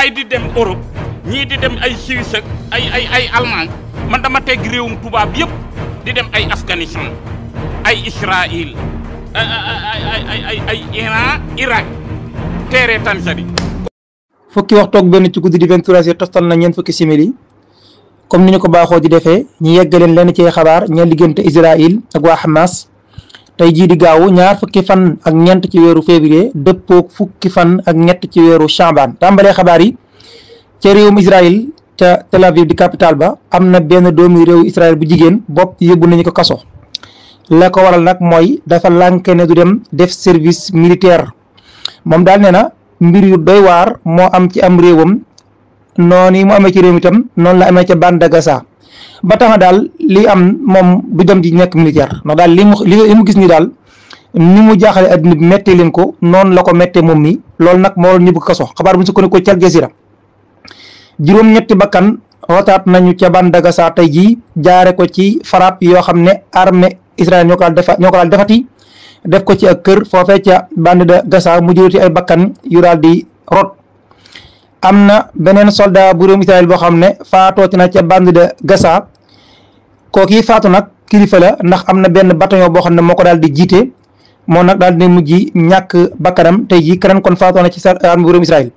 gars yi di dem Europe ñii di dem ay Suisse ay ay Allemagne man dama teg réewum tubaab yëpp di dem ay Afghanistan ay Israël ay ay ay ay ay Iran ci guddi di 23 tostal na ñeent fukki simili comme ni ñu ko baaxoo di defee ñu yeggaleen lenn ci xabaar ñeel diggante Israël ak Hamas. tey jii di gaaw ñaar fukki fan ak ñent ci weeru février dëppook fukki fan ak ñett ci weeru chambaan tàmbalee xabaar yi ca réewum Israël ca Tel Aviv di capital ba am na benn doomi réewu Israël bu jigéen bopp yóbbu nañu ko kaso la ko waral nag mooy dafa lànk ne du dem def service militaire moom daal nee na mbir yu doy waar moo am ci am réewam noonu yi mu amee ci réew mi itam noonu la amee ca bande de ba daal lii am moom bu dem di nekk militaire ndax daal li mu gis ni daal ni mu jaaxale adduna bi méttee leen ko noonu la ko méttee moom mi lool nag moo ñu bëgg kaso xabaar bu ñu sukkandikoo ca Al Jazeera juróom-ñetti bakkan rotaat nañu ca gasa tey jii jaare ko ci frappe yoo xam ne armée Israël ñoo ko daal defati def ko ci ak kër foofee ca Bandagasa mu juróoti ay bakkan yu daal di rot am na beneen soldat bu réewum boo xam ne faatooti na ca bande de Gaza kooki faatu nag kilifa la ndax am na benn bataillon boo xam ne moo ko daal di jiite moo nag daal di mujj ñàkk bakkanam tey jii keneen kon faatoo na ci armée bu réewum Israël.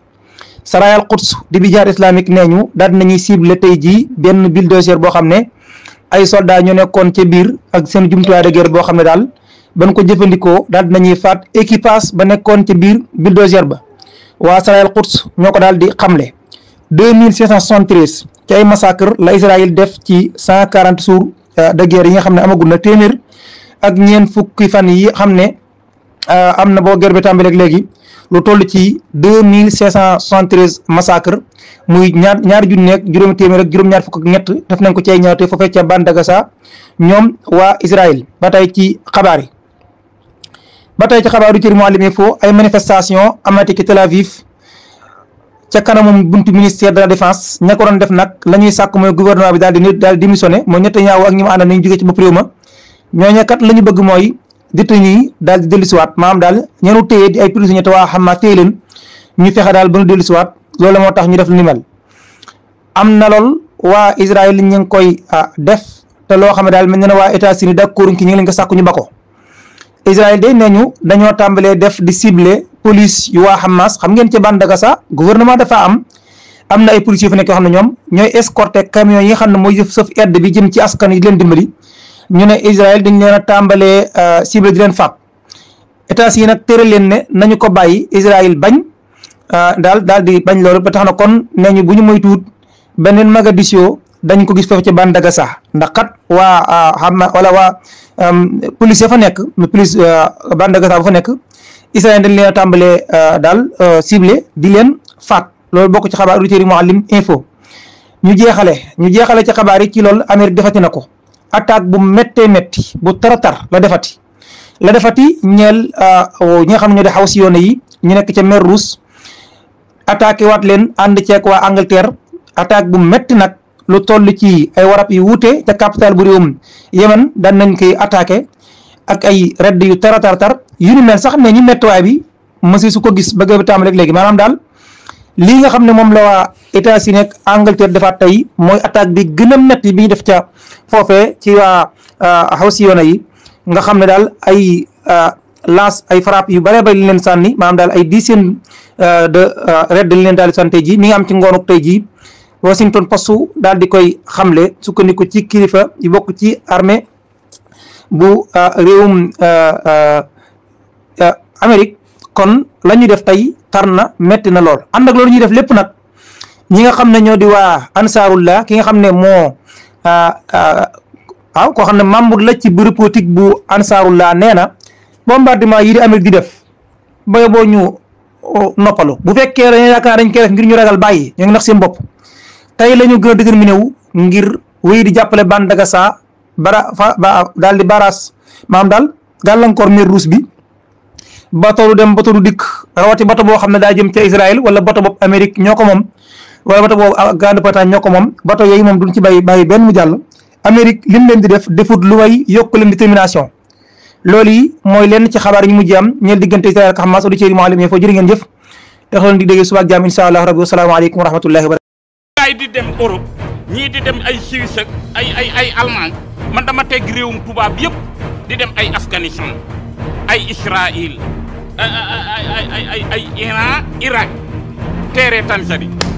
Saraya al Quds di bi jaar islamique nee ñu daal di nañuy ciblé tey jii benn bulldozer boo xam ne ay soldat ñu nekkoon ca biir ak seen jumtuwaay de guerre boo xam ne daal ban ko jëfandikoo daal di nañuy faat équipage ba nekkoon ca biir bulldozer ba. waa Israël Quds ñoo ko daal di xamle deux mille cinq cent soixante-treize ci ay massacre la Israël def ci cent quarante jours euh, de guerre yi nga xam ne amagul na téeméer ak ñeen fukki fan yi xam ne euh, am na boo guerre bi tàmbaleeg léegi lu toll ci deux mille cinq cent soixante-treize massacre muy ñaar ñaar junni ak juróomi téeméer ak juróom-ñaar fukk ak ñett def nañ ko ci ay ñaawte foofee ca Bandagasa ñoom waa Israël ba tey ci xabaar yi ba tey ci xabaaru cër Mouhalim info ay manifestation amati ca kanamu buntu ministère de la défense ña ko doon def nag la ñuy sàkk mooy gouvernement bi daal di daal di démissionné mooy ñett ñaaw ak ñi mu kat la ñu bëgg mooy détenu yi daal di dellusiwaat maanaam daal ñeenu téye di ay prisonniers te waa Hamas téye leen ñu fexe daal ba ñu dellusiwaat loolu moo tax ñu def lu ni mel am na lool waa Israël ñu ngi koy ah, def te loo xam ne daal mel na waa États-Unis d'accord ñu ngi leen ko sàkku ñu ba ko Israël day nañu dañoo tàmbalee def di ciblé police yu waa Hamas xam ngeen ci bande Gaza gouvernement dafa am am na ay police yu fa nekk xam ne ñoom ñooy escorté camion yi nga xam ne mooy yëf sëf aide bi jëm ci askan yi di leen ñu ne Israël dañ leen a tàmbalee euh, ciblé di leen faat états yi nag tere leen ne nañu ko bàyyi Israël bañ euh, daal daal di bañ loolu ba tax na kon nee ñu bu ñu moytuwut beneen Mogadiscio dañ ko gis foofu ci bande Gaza ndax Euh, police ya fa nekk mu police bande de bu fa nekk Israël dañ leen a tàmbalee euh, daal euh, ciblé di leen faat lool bokk ci xabaar auditeurs yi Mouhalim info ñu jeexale ñu jeexale ci xabaar yi ci loolu Amérique defati na ko attaque bu méttee métti bu taratar la defati la defati ñeel ñi nga xam ne ñoo xaw si yoon yi ñu nekk ca mer Rouge attaqué waat leen ànd ceeg waa Angleterre attaque bu métti nag lu toll ci ay warab yu wuute ca capital bu réewum Yemen daan nañ koy attaque ak ay redd yu tara tar tar yu ni mel sax ne ñu méttiwaay bi mësi su ko gis ba gëbi taam rek léegi maanaam daal lii nga xam ne moom la waa États-Unis ak Angleterre defaat tey mooy attaque bi gën a métti bi ñu def ca foofee ci waa Houthi ah, yoona yi nga xam ne daal ay ah, laas ay frappe yu bare bay li leen sànni maanaam daal ay dizaine ah, de redd li leen daal di jii mi ngi am ci ngoonuk tey jii Washington Post daal di koy xamle sukkandiku ci kilifa yi bokk ci armee bu euh, réewum euh, euh, Amérique kon la ñu def tey tar na metti na lool ànd ak loolu ñuy def lépp nag ñi nga xam ne ñoo di waa ansaarullah ki nga xam ne moo waaw koo xam ne membre la ci bu politique bu ansaarullah nee na bombardement yi di Amérique di def ba boo ñu noppalu bu fekkee dañuy yaakaar dañ koy def ngir ñu ragal bàyyi ñoo ngi nax seen bopp tay lañu gën a déterminé wu ngir wéy di bandaga sa bara fa ba dal di baras maam dal, galankor mer rusbi, bi bato du dem bato du rawati bato bo xamne da jëm ci Israël wala bato boobu amerique ñoko mom wala bato bo Grande-Bretagne ñoko mom bato yeey mom duñ ci bàyyi bàyyi benn mu jall amerique lim leen di def defut lu way yok leen détermination loli moy mooy ci xabar yi mujj am ñeel diggante Israël ak Hamas du ci mu alim ngeen jëf di suba jam inshallah rabbi allah rabbi wa rahmatullahi ay di dem Europe ñii di dem ay Suisse ak ay ay ay Allemagne man dama teg réewum tubaab yëpp di dem ay Afghanistan ay Israël ay ay Irak teere Tanzanie